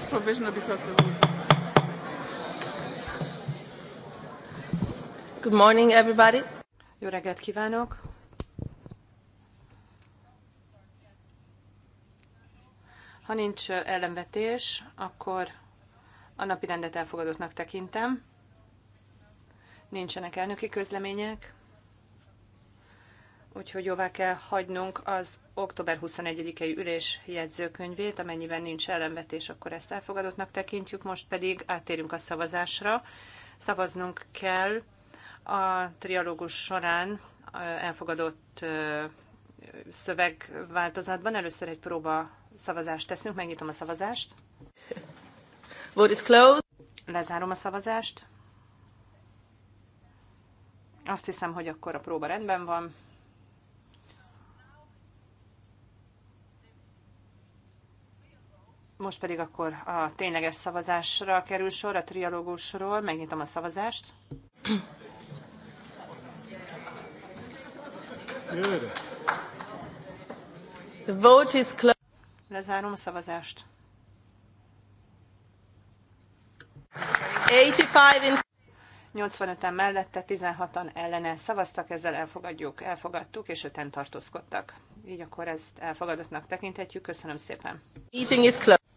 that's provisional because of Good morning, everybody. Jó reggelt kívánok! Ha nincs ellenvetés, akkor a napi rendet elfogadottnak tekintem. Nincsenek elnöki közlemények úgyhogy jóvá kell hagynunk az október 21-i ülés jegyzőkönyvét, amennyiben nincs ellenvetés, akkor ezt elfogadottnak tekintjük, most pedig áttérünk a szavazásra. Szavaznunk kell a trialógus során elfogadott szövegváltozatban. Először egy próba szavazást teszünk, megnyitom a szavazást. Vote is closed. Lezárom a szavazást. Azt hiszem, hogy akkor a próba rendben van. Most pedig akkor a tényleges szavazásra kerül sor, a trialógusról. Megnyitom a szavazást. The vote is closed. Lezárom a szavazást. 85 in en mellette, 16-an ellene szavaztak, ezzel elfogadjuk, elfogadtuk, és öten tartózkodtak. Így akkor ezt elfogadottnak tekinthetjük. Köszönöm szépen. Meeting is closed.